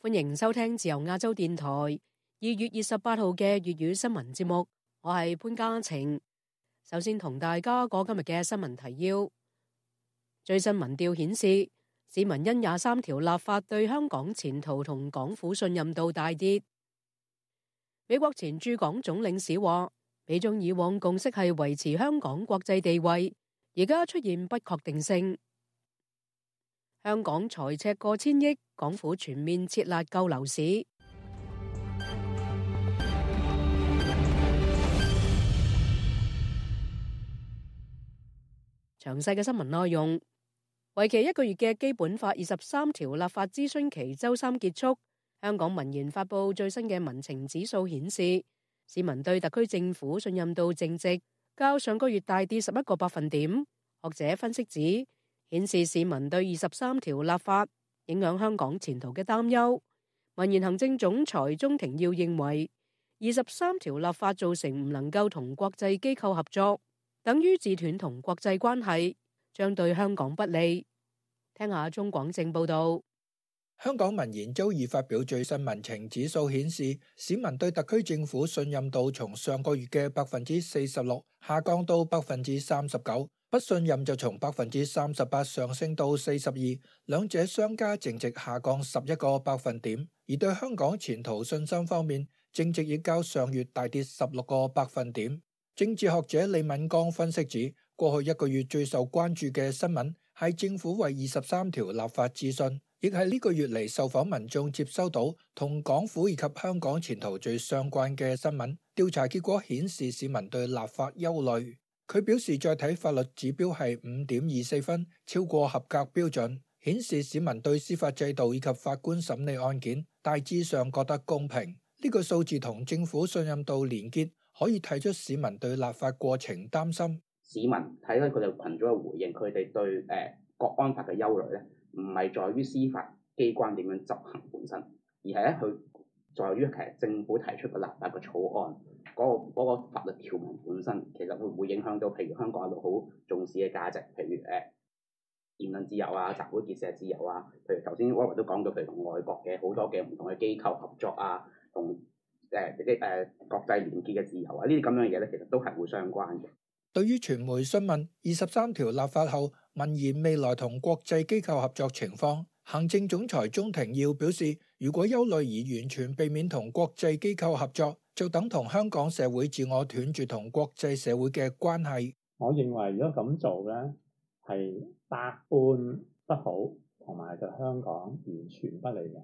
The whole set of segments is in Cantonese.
歡迎收聽自由亞洲電台二月二十八號嘅粵語新聞節目，我係潘嘉晴。首先同大家講今日嘅新聞提要。最新民調顯示，市民因廿三條立法對香港前途同港府信任度大跌。美國前駐港總領事話，美中以往共識係維持香港國際地位，而家出現不確定性。香港財赤過千億，港府全面撤辣救樓市。詳細嘅新聞內容，為期一個月嘅基本法二十三條立法諮詢期周三結束。香港民研發布最新嘅民情指數顯示，市民對特區政府信任度淨值較上個月大跌十一個百分點。學者分析指。顯示市民對二十三條立法影響香港前途嘅擔憂。民研行政總裁鍾庭耀認為，二十三條立法造成唔能夠同國際機構合作，等於自斷同國際關係，將對香港不利。聽下中廣正報道，香港民研周二發表最新民情指數顯示，市民對特區政府信任度從上個月嘅百分之四十六下降到百分之三十九。不信任就從百分之三十八上升到四十二，兩者相加淨值下降十一個百分點。而對香港前途信心方面，淨值亦較上月大跌十六個百分點。政治學者李敏剛分析指，過去一個月最受關注嘅新聞係政府為二十三條立法諮詢，亦係呢個月嚟受訪民眾接收到同港府以及香港前途最相關嘅新聞。調查結果顯示，市民對立法憂慮。佢表示，再睇法律指標，係五點二四分，超過合格標準，顯示市民對司法制度以及法官審理案件大致上覺得公平。呢個數字同政府信任度連結，可以睇出市民對立法過程擔心。市民睇翻佢哋群組嘅回應，佢哋對誒國安法嘅憂慮咧，唔係在於司法機關點樣執行本身，而係咧佢在於其實政府提出嘅立法嘅草案。嗰個法律條文本身其實會唔會影響到，譬如香港一路好重視嘅價值，譬如誒言論自由啊、集會結社自由啊，譬如頭先我都講到，譬如同外國嘅好多嘅唔同嘅機構合作啊，同誒啲誒國際連結嘅自由啊，呢啲咁樣嘅嘢咧，其實都係會相關嘅。對於傳媒詢問二十三條立法後民研未來同國際機構合作情況，行政總裁鍾庭耀表示，如果憂慮而完全避免同國際機構合作，就等同香港社會自我斷絕同國際社會嘅關係，我認為如果咁做咧，係百般不好，同埋對香港完全不利嘅。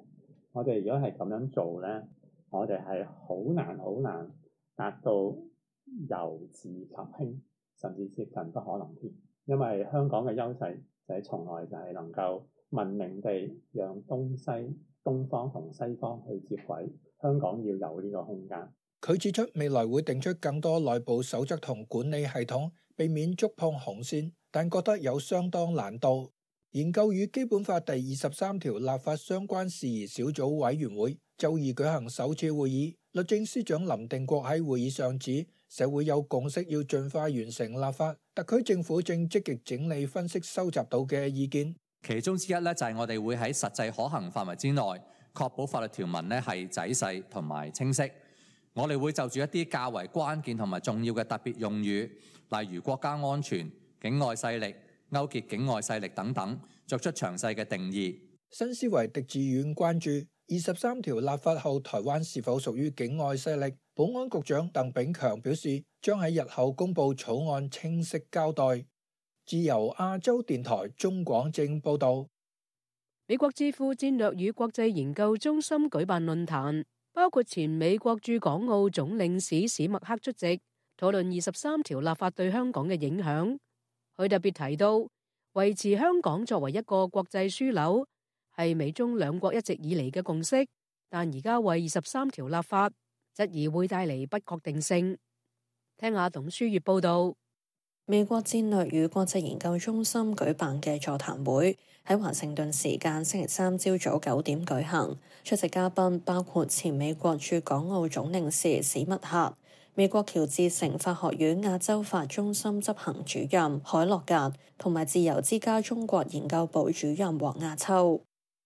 我哋如果係咁樣做咧，我哋係好難好難達到由治及興，甚至接近不可能添。因為香港嘅優勢就係從來就係能夠文明地讓東西、東方同西方去接軌，香港要有呢個空間。佢指出，未來會定出更多內部守則同管理系統，避免觸碰紅線，但覺得有相當難度。研究與基本法第二十三條立法相關事宜小組委員會就而舉行首次會議。律政司長林定國喺會議上指，社會有共識要盡快完成立法，特區政府正積極整理分析收集到嘅意見。其中之一咧就係、是、我哋會喺實際可行範圍之內，確保法律條文呢係仔細同埋清晰。我哋會就住一啲較為關鍵同埋重要嘅特別用語，例如國家安全、境外勢力、勾結境外勢力等等，作出詳細嘅定義。新思維狄志遠關注二十三條立法後，台灣是否屬於境外勢力？保安局長鄧炳強表示，將喺日後公布草案，清晰交代。自由亞洲電台中廣正報道，美國智庫戰略與國際研究中心舉辦論壇。包括前美國駐港澳總領事史默克出席，討論二十三條立法對香港嘅影響，佢特別提到維持香港作為一個國際樞紐係美中兩國一直以嚟嘅共識，但而家為二十三條立法質疑會帶嚟不確定性。聽下董書月報道。美國戰略與國際研究中心舉辦嘅座談會，喺華盛頓時間星期三朝早九點舉行。出席嘉賓包括前美國駐港澳總領事史密克、美國喬治城法學院亞洲法中心執行主任海洛格，同埋自由之家中國研究部主任黃亞秋。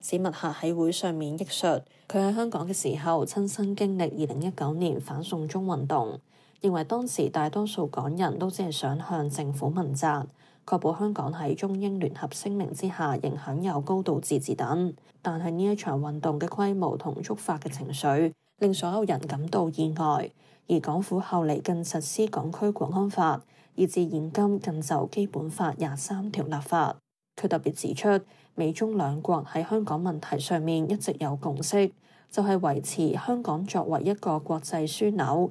史密克喺會上面憶述，佢喺香港嘅時候親身經歷二零一九年反送中運動。認為當時大多數港人都只係想向政府問責，確保香港喺中英聯合聲明之下仍享有高度自治等。但係呢一場運動嘅規模同觸發嘅情緒，令所有人感到意外。而港府後嚟更實施《港區國安法》，以至現今更就《基本法》廿三條立法。佢特別指出，美中兩國喺香港問題上面一直有共識，就係、是、維持香港作為一個國際樞紐。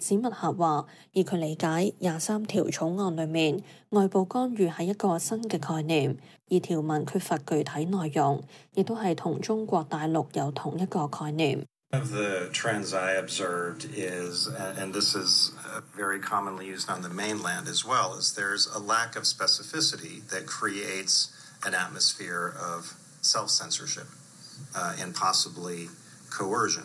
史墨客話，以佢理解，廿三條草案裏面，外部干預係一個新嘅概念，而條文缺乏具體內容，亦都係同中國大陸有同一個概念。One of the trends I observed is, and this is very commonly used on the mainland as well, is there's a lack of specificity that creates an atmosphere of self-censorship and possibly coercion.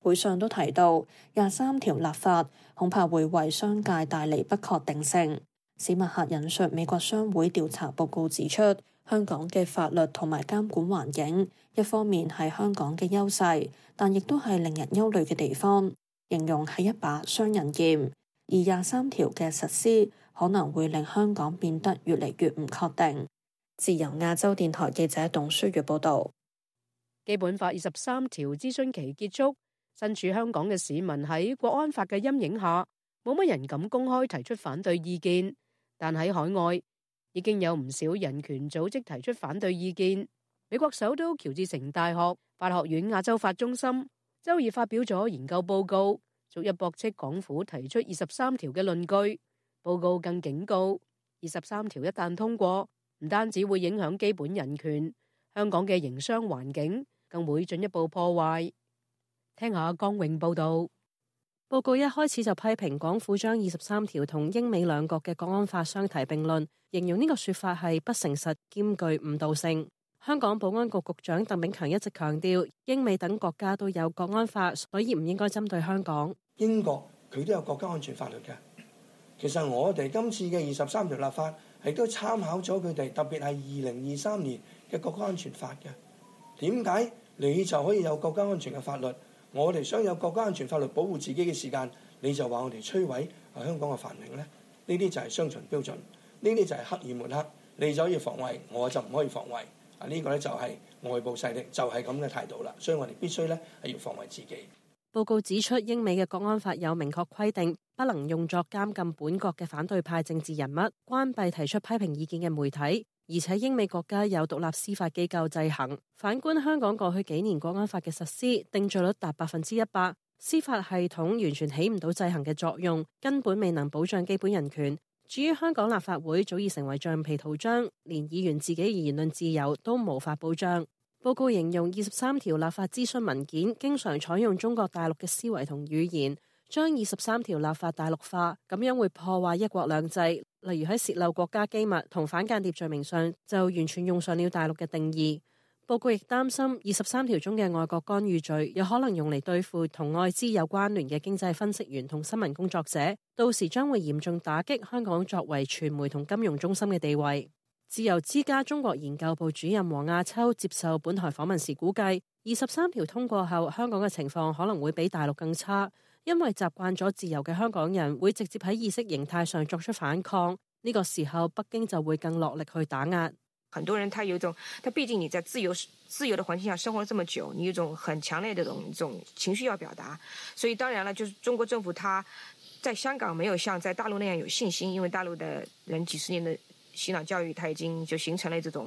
會上都提到廿三條立法恐怕會為商界帶嚟不確定性。史密克引述美國商會調查報告指出，香港嘅法律同埋監管環境，一方面係香港嘅優勢，但亦都係令人憂慮嘅地方，形容係一把雙刃劍。而廿三條嘅實施可能會令香港變得越嚟越唔確定。自由亞洲電台記者董書月報道，基本法二十三條諮詢期結束。身處香港嘅市民喺國安法嘅陰影下，冇乜人敢公開提出反對意見。但喺海外，已經有唔少人權組織提出反對意見。美國首都喬治城大學法學院亞洲法中心周二發表咗研究報告，逐一駁斥港府提出二十三條嘅論據。報告更警告，二十三條一旦通過，唔單止會影響基本人權，香港嘅營商環境更會進一步破壞。聽下江永報道，報告一開始就批評港府將二十三條同英美兩國嘅國安法相提並論，形容呢個說法係不誠實，兼具誤導性。香港保安局局長鄧炳強一直強調，英美等國家都有國安法，所以唔應該針對香港。英國佢都有國家安全法律嘅，其實我哋今次嘅二十三條立法係都參考咗佢哋，特別係二零二三年嘅國家安全法嘅。點解？你就可以有國家安全嘅法律？我哋想有國家安全法律保護自己嘅時間，你就話我哋摧毀啊香港嘅繁榮咧？呢啲就係雙重標準，呢啲就係刻意抹黑。你就可以防衞，我就唔可以防衞啊！呢個咧就係外部勢力就係咁嘅態度啦。所以我哋必須咧係要防衞自己。報告指出，英美嘅國安法有明確規定，不能用作監禁本國嘅反對派政治人物，關閉提出批評意見嘅媒體。而且，英美國家有獨立司法機構制衡。反觀香港過去幾年國安法嘅實施，定罪率達百分之一百，司法系統完全起唔到制衡嘅作用，根本未能保障基本人權。至於香港立法會早已成為橡皮圖章，連議員自己言論自由都無法保障。報告形容二十三條立法諮詢文件經常採用中國大陸嘅思維同語言。將二十三條立法大陸化，咁樣會破壞一國兩制。例如喺洩露國家機密同反間諜罪名上，就完全用上了大陸嘅定義。報告亦擔心二十三條中嘅外國干預罪有可能用嚟對付同外資有關聯嘅經濟分析員同新聞工作者，到時將會嚴重打擊香港作為傳媒同金融中心嘅地位。自由之家中國研究部主任王亞秋接受本台訪問時估計，二十三條通過後，香港嘅情況可能會比大陸更差。因為習慣咗自由嘅香港人會直接喺意識形態上作出反抗，呢個時候北京就會更落力去打壓。很多人他有種，他畢竟你在自由自由的環境下生活了這麼久，你有種很強烈這種一種情緒要表達，所以當然啦，就是中國政府他在香港沒有像在大陸那樣有信心，因為大陸的人幾十年的洗腦教育，他已經就形成了這種。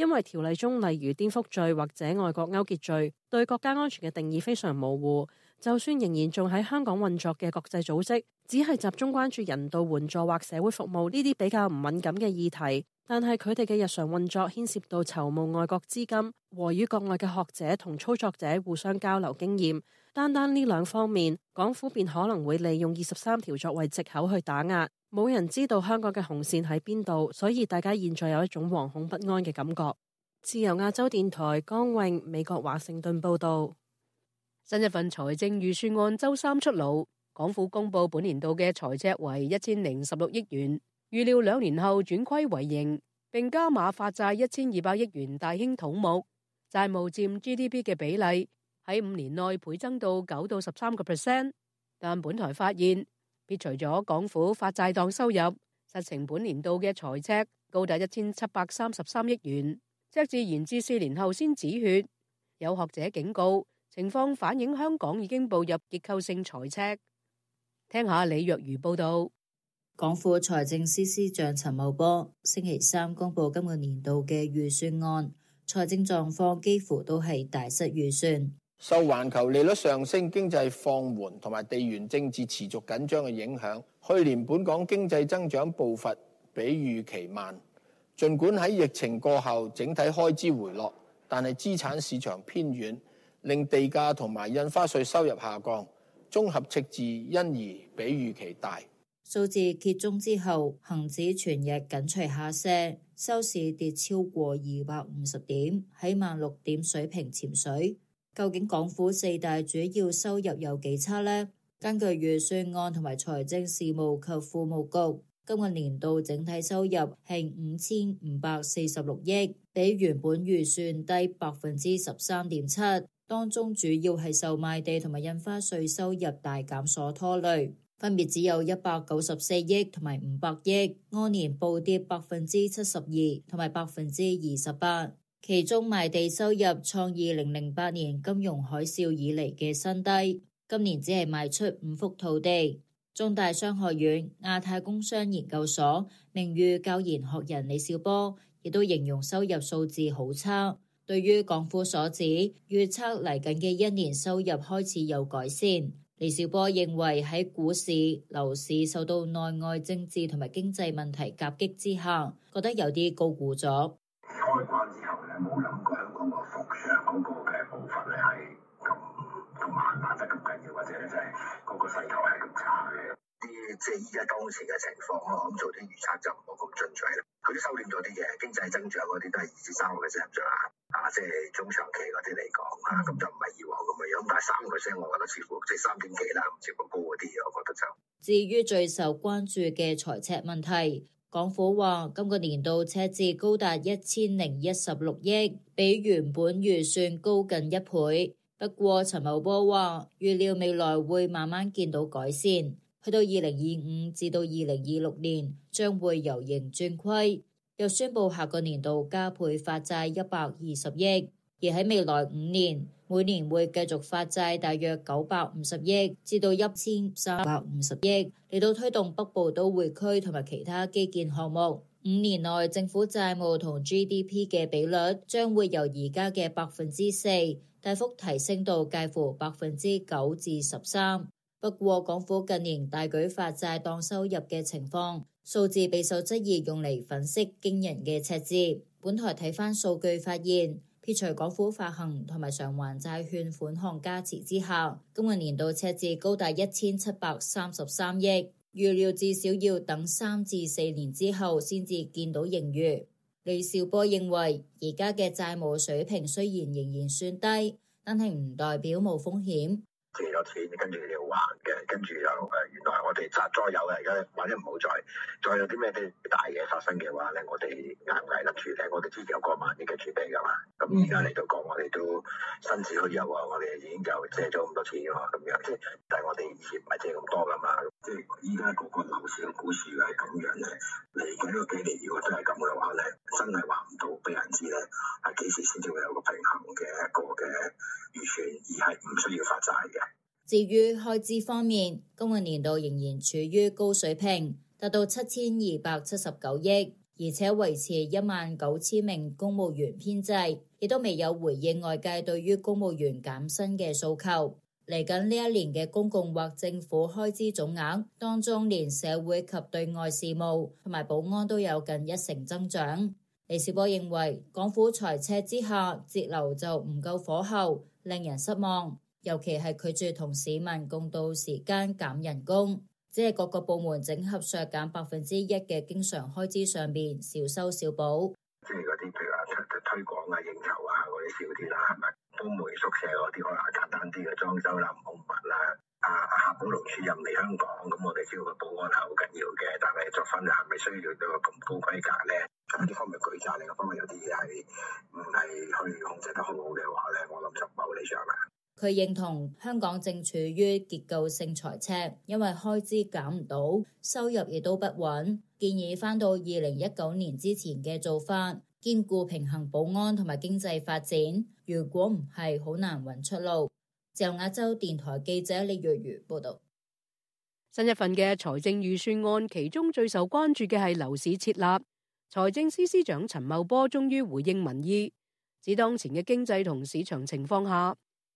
因為條例中，例如顛覆罪或者外國勾結罪，對國家安全嘅定義非常模糊。就算仍然仲喺香港運作嘅國際組織，只係集中關注人道援助、或社會服務呢啲比較唔敏感嘅議題。但係佢哋嘅日常運作牽涉到籌募外國資金和與國外嘅學者同操作者互相交流經驗，單單呢兩方面，港府便可能會利用二十三條作為借口去打壓。冇人知道香港嘅紅線喺邊度，所以大家現在有一種惶恐不安嘅感覺。自由亞洲電台江穎，美國華盛頓報道。新一份財政預算案周三出爐，港府公布本年度嘅財赤為一千零十六億元。預料兩年後轉虧為盈，並加碼發債一千二百億元大興土木，債務佔 GDP 嘅比例喺五年內倍增到九到十三個 percent。但本台發現，撇除咗港府發債當收入，實情本年度嘅財赤高達一千七百三十三億元，赤字延至四年後先止血。有學者警告，情況反映香港已經步入結構性財赤。聽下李若愚報道。港府財政司司長陳茂波星期三公布今個年度嘅預算案，財政狀況幾乎都係大失預算。受環球利率上升、經濟放緩同埋地緣政治持續緊張嘅影響，去年本港經濟增長步伐比預期慢。盡管喺疫情過後整體開支回落，但係資產市場偏軟，令地價同埋印花稅收入下降，綜合赤字因而比預期大。數字揭盅之後，恒指全日緊隨下瀉，收市跌超過二百五十點，喺萬六點水平潛水。究竟港府四大主要收入有幾差呢？根據預算案同埋財政事務及庫務局，今個年度整體收入係五千五百四十六億，比原本預算低百分之十三點七，當中主要係受賣地同埋印花稅收入大減所拖累。分別只有一百九十四億同埋五百億，按年暴跌百分之七十二同埋百分之二十八，其中賣地收入創二零零八年金融海嘯以來嘅新低。今年只係賣出五幅土地。中大商學院亞太工商研究所名譽教研學人李兆波亦都形容收入數字好差。對於港府所指，預測嚟緊嘅一年收入開始有改善。李兆波認為喺股市、樓市受到內外政治同埋經濟問題夾擊之下，覺得有啲高估咗。開關之後咧，冇諗過香港個復蘇嗰個嘅步伐咧係咁咁慢，慢得咁緊要，或者咧就係嗰個勢頭係咁差啲。即係而家當時嘅情況啊，咁做啲預測就冇咁進取啦。佢都收斂咗啲嘢，經濟增長嗰啲都係二至三 percent 啫即係中長期嗰啲嚟講啊，咁就唔係以往咁嘅樣。但係三個聲，我覺得似乎即係三點幾啦，唔至於高嗰啲，我覺得就至於最受關注嘅財赤問題，港府話今個年度赤字高達一千零一十六億，比原本預算高近一倍。不過陳茂波話預料未來會慢慢見到改善，去到二零二五至到二零二六年將會由盈轉虧。又宣布下個年度加倍發債一百二十億，而喺未來五年，每年會繼續發債大約九百五十億，至到一千三百五十億，嚟到推動北部都會區同埋其他基建項目。五年內政府債務同 GDP 嘅比率將會由而家嘅百分之四大幅提升到介乎百分之九至十三。不過，港府近年大舉發債當收入嘅情況，數字備受質疑，用嚟粉飾驚人嘅赤字。本台睇翻數據發現，撇除港府發行同埋償還債券款項加持之下，今個年度赤字高達一千七百三十三億，預料至少要等三至四年之後先至見到盈餘。李兆波認為，而家嘅債務水平雖然仍然算低，但係唔代表冇風險。借咗錢，跟住你要還嘅，跟住又誒，原來我哋集咗有嘅，而家或者唔好再，再有啲咩啲大嘅發生嘅話咧，我哋捱唔捱得住咧，我哋之前有過萬億嘅儲備噶嘛，咁而家嚟到講我哋都身止退休啊，我哋已經就借咗咁多錢㗎嘛。咁樣即係，但係我哋以前唔係借咁多噶嘛，即係依家個樓市個股市係咁樣咧，嚟緊呢個幾年如果真係咁嘅話咧，真係話唔到俾人知咧，係幾時先至會有個平衡嘅一個嘅預算，而係唔需要發債嘅。至於開支方面，公務年度仍然處於高水平，達到七千二百七十九億，而且維持一萬九千名公務員編制，亦都未有回應外界對於公務員減薪嘅訴求。嚟緊呢一年嘅公共或政府開支總額當中，連社會及對外事務同埋保安都有近一成增長。李小波認為，港府財赤之下節流就唔夠火候，令人失望。尤其係拒絕同市民共度時間減人工，即係各個部門整合削減百分之一嘅經常開支上邊少收少補。即係嗰啲譬如話推推廣啊、應酬啊嗰啲少啲啦，係咪？公營宿舍嗰啲可能簡單啲嘅裝修啦、物品啦。阿夏寶龍主任嚟香港，咁我哋知道個保安係好緊要嘅，但係作翻係咪需要到咁高規格咧？咁呢方面舉債嚟嘅方面，有啲嘢係唔係去控制得好好嘅話咧，我諗就冇理想啦。佢認同香港正處於結構性財赤，因為開支減唔到，收入亦都不穩。建議翻到二零一九年之前嘅做法，兼顧平衡保安同埋經濟發展。如果唔係，好難揾出路。自由亞洲電台記者李若如報道。新一份嘅財政預算案，其中最受關注嘅係樓市設立。財政司司長陳茂波終於回應民意，指當前嘅經濟同市場情況下，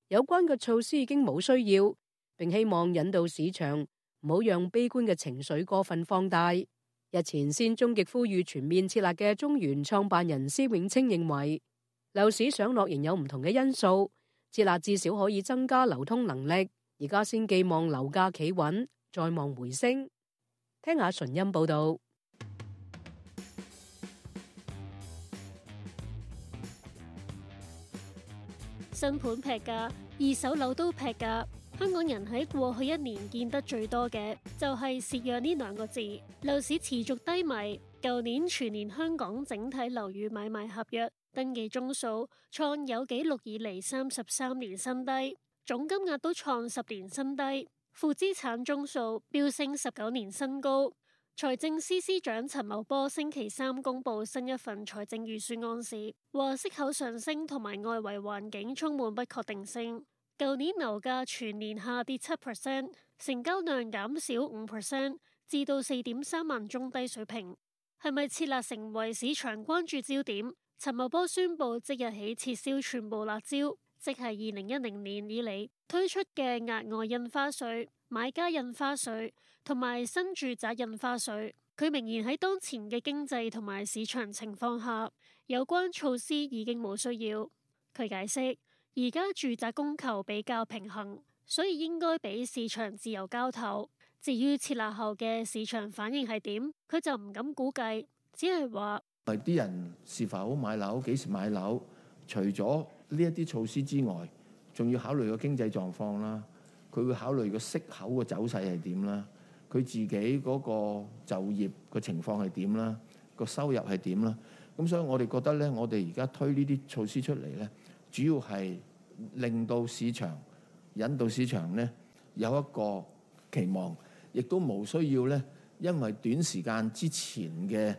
有關嘅措施已經冇需要，並希望引導市場，唔好讓悲觀嘅情緒過分放大。日前先終極呼籲全面撤辣嘅中原創辦人施永青認為，樓市上落仍有唔同嘅因素，撤辣至少可以增加流通能力。而家先寄望樓價企穩，再望回升。聽下純音報道。新盤劈價，二手樓都劈價。香港人喺過去一年見得最多嘅，就係蝕讓呢兩個字。樓市持續低迷。舊年全年香港整體樓宇買賣合約登記宗數創有紀錄以嚟三十三年新低，總金額都創十年新低，負資產宗數飆升十九年新高。財政司司長陳茂波星期三公布新一份財政預算案時，話息口上升同埋外圍環境充滿不確定性。舊年樓價全年下跌七 percent，成交量減少五 percent，至到四點三萬宗低水平，係咪設立成為市場關注焦點？陳茂波宣布即日起撤銷全部辣招，即係二零一零年以嚟推出嘅額外印花稅。買家印花稅同埋新住宅印花稅，佢明言喺當前嘅經濟同埋市場情況下，有關措施已經冇需要。佢解釋而家住宅供求比較平衡，所以應該俾市場自由交投。至於設立後嘅市場反應係點，佢就唔敢估計，只係話係啲人是否買樓、幾時買樓，除咗呢一啲措施之外，仲要考慮個經濟狀況啦。佢會考慮個息口嘅走勢係點啦，佢自己嗰個就業個情況係點啦，個收入係點啦，咁所以我哋覺得咧，我哋而家推呢啲措施出嚟咧，主要係令到市場，引導市場咧有一個期望，亦都冇需要咧，因為短時間之前嘅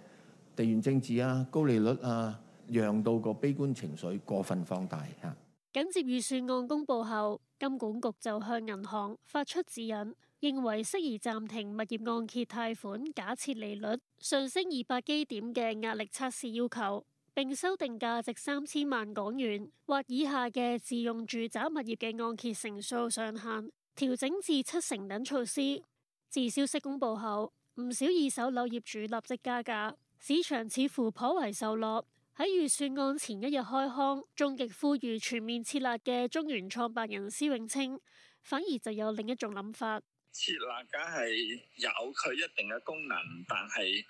地緣政治啊、高利率啊，讓到個悲觀情緒過分放大嚇。緊接預算案公布後，金管局就向銀行發出指引，認為適宜暫停物業按揭貸款假設利率上升二百基點嘅壓力測試要求，並修訂價值三千萬港元或以下嘅自用住宅物業嘅按揭成數上限，調整至七成等措施。自消息公布後，唔少二手樓業主立即加價，市場似乎頗為受落。喺預算案前一日開腔，終極呼籲全面撤辣嘅中原創辦人施永青，反而就有另一種諗法。撤辣梗係有佢一定嘅功能，但係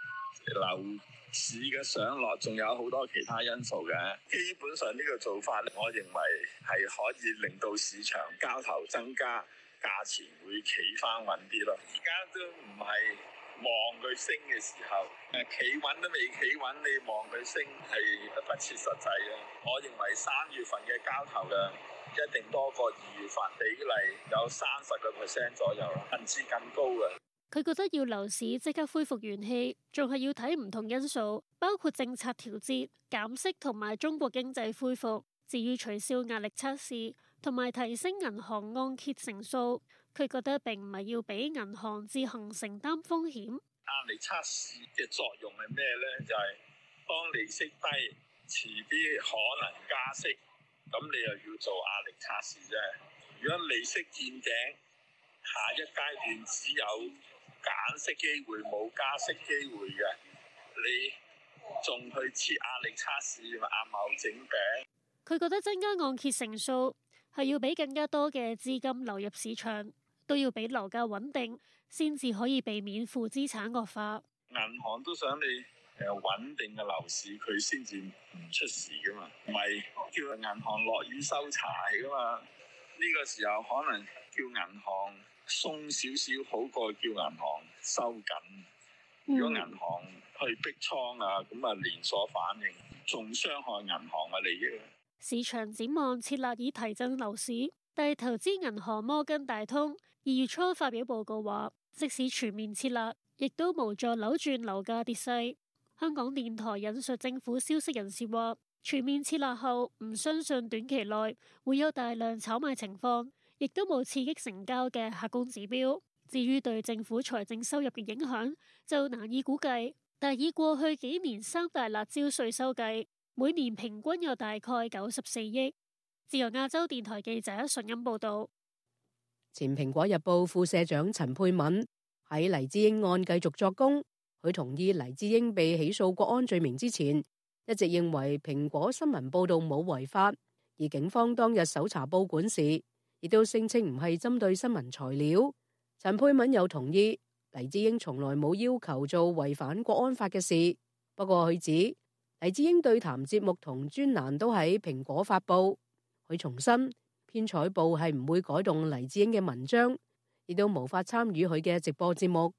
樓市嘅上落仲有好多其他因素嘅。基本上呢個做法咧，我認為係可以令到市場交投增加，價錢會企返穩啲咯。而家都唔係。望佢升嘅時候，誒企穩都未企穩，你望佢升係不切實際嘅。我認為三月份嘅交投量一定多過二月份比例有三十個 percent 左右啦，甚至更高嘅。佢覺得要樓市即刻恢復元氣，仲係要睇唔同因素，包括政策調節、減息同埋中國經濟恢復。至於取消壓力測試同埋提升銀行按揭成數。佢覺得並唔係要俾銀行自行承擔風險。壓力測試嘅作用係咩咧？就係當利息低，遲啲可能加息，咁你又要做壓力測試啫。如果利息見頂，下一階段只有減息機會，冇加息機會嘅，你仲去設壓力測試咪阿茂整餅？佢覺得增加按揭成數係要俾更加多嘅資金流入市場。都要俾樓價穩定，先至可以避免負資產惡化。銀行都想你呃、穩定嘅樓市，佢先至唔出事噶嘛，唔係叫銀行落雨收遮噶嘛。呢、這個時候可能叫銀行鬆少少，好過叫銀行收緊。嗯、如果銀行去逼倉啊，咁啊連鎖反應，仲傷害銀行嘅利益。市場展望設立以提振樓市，但投資銀行摩根大通。二月初發表報告話，即使全面撤辣，亦都無助扭轉樓價跌勢。香港電台引述政府消息人士話，全面撤辣後唔相信短期內會有大量炒賣情況，亦都冇刺激成交嘅客觀指標。至於對政府財政收入嘅影響，就難以估計。但以過去幾年三大辣招稅收計，每年平均有大概九十四億。自由亞洲電台記者信音報道。前蘋果日報副社長陳佩敏喺黎智英案繼續作供，佢同意黎智英被起訴國安罪名之前，一直認為蘋果新聞報道冇違法，而警方當日搜查報館時，亦都聲稱唔係針對新聞材料。陳佩敏又同意黎智英從來冇要求做違反國安法嘅事，不過佢指黎智英對談節目同專欄都喺蘋果發布，佢重申。編採報》係唔會改動黎智英嘅文章，亦都無法參與佢嘅直播節目。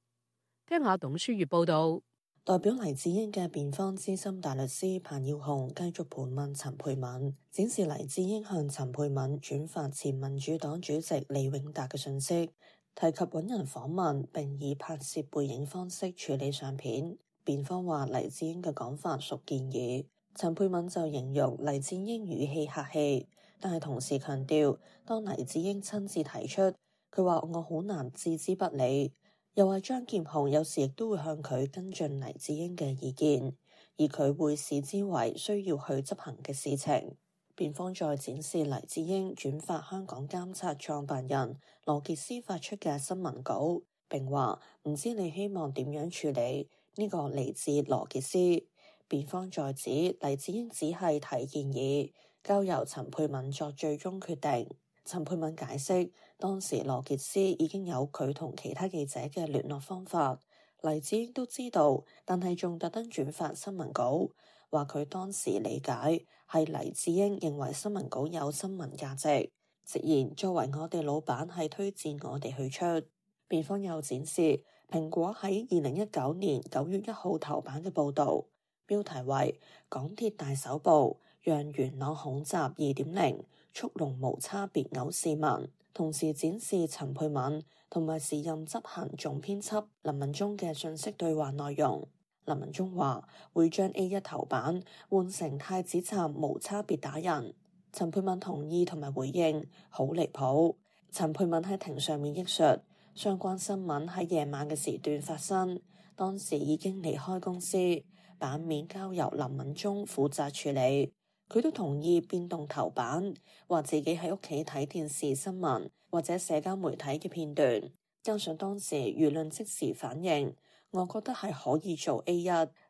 聽下董書月報道。代表黎智英嘅辯方資深大律師彭耀雄繼續盤問陳佩敏，展示黎智英向陳佩敏轉發前民主黨主席李永達嘅信息，提及揾人訪問並以拍攝背影方式處理相片。辯方話黎智英嘅講法屬建議，陳佩敏就形容黎智英語氣客氣。但係同時強調，當黎智英親自提出，佢話我好難置之不理，又話張劍虹有時亦都會向佢跟進黎智英嘅意見，而佢會視之為需要去執行嘅事情。辯方再展示黎智英轉發香港監察創辦人羅傑斯發出嘅新聞稿，並話唔知你希望點樣處理呢個嚟自羅傑斯。辯方再指黎智英只係提建議。交由陳佩敏作最終決定。陳佩敏解釋，當時羅傑斯已經有佢同其他記者嘅聯絡方法，黎智英都知道，但係仲特登轉發新聞稿，話佢當時理解係黎智英認為新聞稿有新聞價值，直言作為我哋老闆係推薦我哋去出。辯方又展示蘋果喺二零一九年九月一號頭版嘅報道，標題為《港鐵大搜捕》。讓元朗恐襲二點零，速龍無差別毆市民。同時展示陳佩敏同埋時任執行總編輯林文忠嘅訊息對話內容。林文忠話會將 A1 頭版換成太子站無差別打人。陳佩敏同意同埋回應好離譜。陳佩敏喺庭上面憶述相關新聞喺夜晚嘅時段發生，當時已經離開公司，版面交由林文忠負責處理。佢都同意變動頭版，話自己喺屋企睇電視新聞或者社交媒體嘅片段，加上當時輿論即時反應，我覺得係可以做 A 一。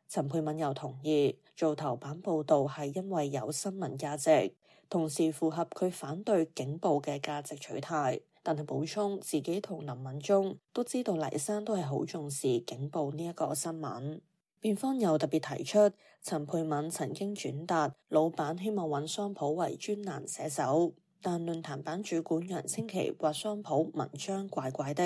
陳佩敏又同意做頭版報道係因為有新聞價值，同時符合佢反對警暴嘅價值取態。但係補充自己同林文宗都知道黎生都係好重視警暴呢一個新聞。辯方又特別提出，陳佩敏曾經轉達老闆希望揾桑普為專欄寫手，但論壇版主管楊清奇話，桑普文章怪怪的，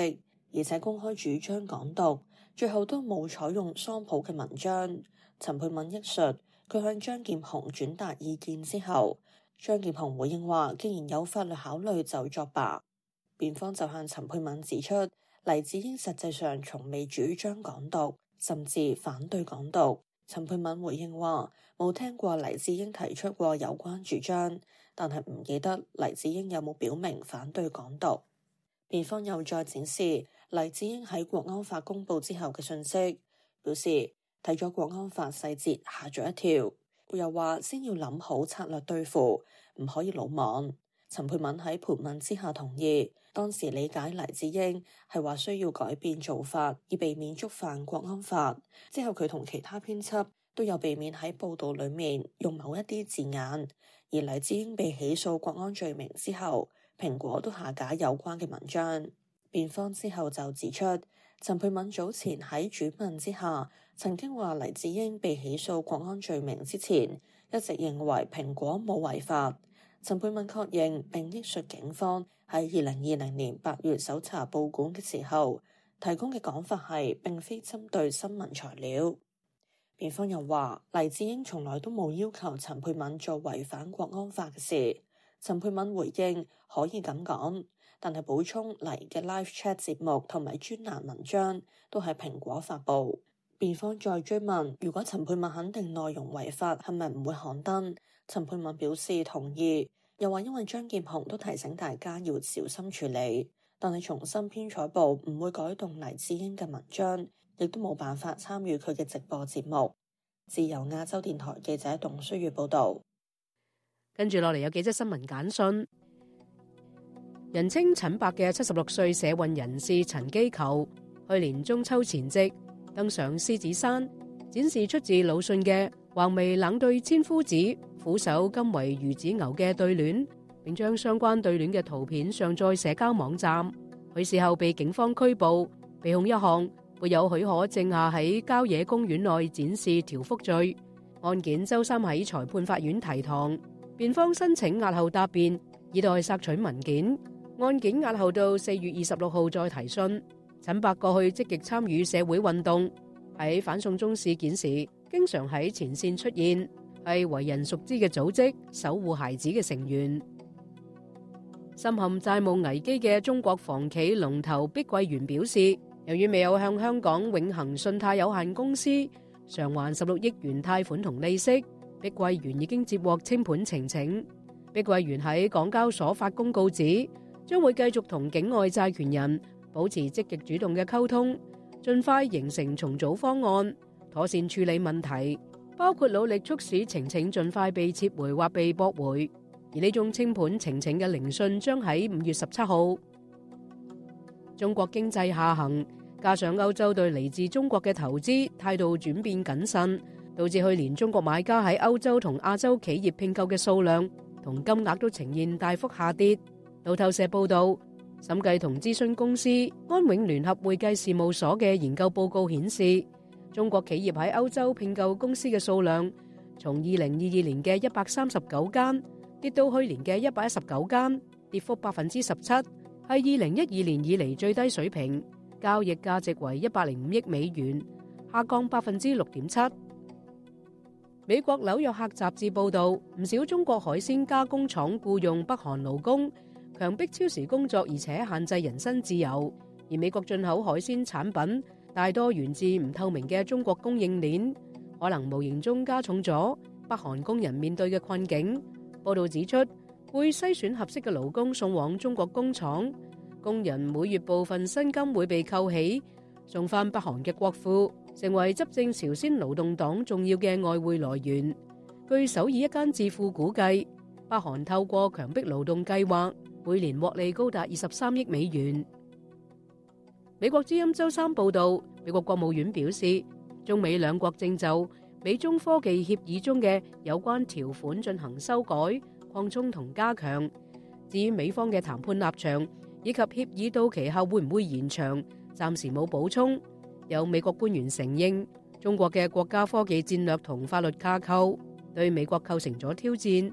而且公開主張港獨，最後都冇採用桑普嘅文章。陳佩敏一述，佢向張劍虹轉達意見之後，張劍虹回應話，既然有法律考慮就作罷。辯方就向陳佩敏指出，黎智英實際上從未主張港獨。甚至反對港獨，陳佩敏回應話冇聽過黎智英提出過有關主張，但係唔記得黎智英有冇表明反對港獨。辯方又再展示黎智英喺國安法公布之後嘅信息，表示睇咗國安法細節吓咗一跳，又話先要諗好策略對付，唔可以魯莽。陳佩敏喺盤問之下同意。當時理解黎智英係話需要改變做法，以避免觸犯國安法。之後佢同其他編輯都有避免喺報導裡面用某一啲字眼。而黎智英被起訴國安罪名之後，蘋果都下架有關嘅文章。辯方之後就指出，陳佩敏早前喺主問之下曾經話黎智英被起訴國安罪名之前，一直認為蘋果冇違法。陳佩敏確認並憶述警方喺二零二零年八月搜查報館嘅時候提供嘅講法係並非針對新聞材料。辯方又話黎智英從來都冇要求陳佩敏做違反國安法嘅事。陳佩敏回應可以咁講，但係補充黎嘅 live chat 節目同埋專欄文章都喺蘋果發布。辯方再追問，如果陳佩敏肯定內容違法，係咪唔會刊登？陳佩敏表示同意，又話因為張劍虹都提醒大家要小心處理，但係重新編採部唔會改動黎智英嘅文章，亦都冇辦法參與佢嘅直播節目。自由亞洲電台記者董書月報道。跟住落嚟有幾則新聞簡訊，人稱陳伯嘅七十六歲社運人士陳基球，去年中秋前夕，登上獅子山，展示出自魯迅嘅“橫眉冷對千夫指，俯首甘為孺子牛”嘅對聯，並將相關對聯嘅圖片上載社交網站。佢事後被警方拘捕，被控一項沒有許可證下喺郊野公園內展示條幅罪。案件周三喺裁判法院提堂，辯方申請押後答辯，以待索取文件。案件押後到四月二十六號再提訊。陳伯過去積極參與社會運動，喺反送中事件時，經常喺前線出現，係為人熟知嘅組織守護孩子嘅成員。深陷債務危機嘅中國房企龍頭碧桂園表示，由於未有向香港永恒信貸有限公司償還十六億元貸款同利息，碧桂園已經接獲清盤呈請。碧桂園喺港交所發公告指，將會繼續同境外債權人，保持積極主動嘅溝通，盡快形成重組方案，妥善處理問題，包括努力促使呈請盡快被撤回或被駁回。而呢種清盤呈請嘅聆訊將喺五月十七號。中國經濟下行，加上歐洲對嚟自中國嘅投資態度轉變謹慎，導致去年中國買家喺歐洲同亞洲企業併購嘅數量同金額都呈現大幅下跌。路透社報道。審計同諮詢公司安永聯合會計事務所嘅研究報告顯示，中國企業喺歐洲併購公司嘅數量從二零二二年嘅一百三十九間跌到去年嘅一百一十九間，跌幅百分之十七，係二零一二年以嚟最低水平。交易價值為一百零五億美元，下降百分之六點七。美國《紐約客》雜誌報道，唔少中國海鮮加工廠雇傭北韓勞工。強迫超時工作，而且限制人身自由。而美國進口海鮮產品大多源自唔透明嘅中國供應鏈，可能無形中加重咗北韓工人面對嘅困境。報道指出，會篩選合適嘅勞工送往中國工廠，工人每月部分薪金會被扣起，送翻北韓嘅國庫，成為執政朝鮮勞動黨重要嘅外匯來源。據首爾一間智庫估計，北韓透過強迫勞動計劃。每年獲利高達二十三億美元。美國之音周三報道，美國國務院表示，中美兩國正就美中科技協議中嘅有關條款進行修改、擴充同加強。至於美方嘅談判立場以及協議到期後會唔會延長，暫時冇補充。有美國官員承認，中國嘅國家科技戰略同法律架構對美國構成咗挑戰。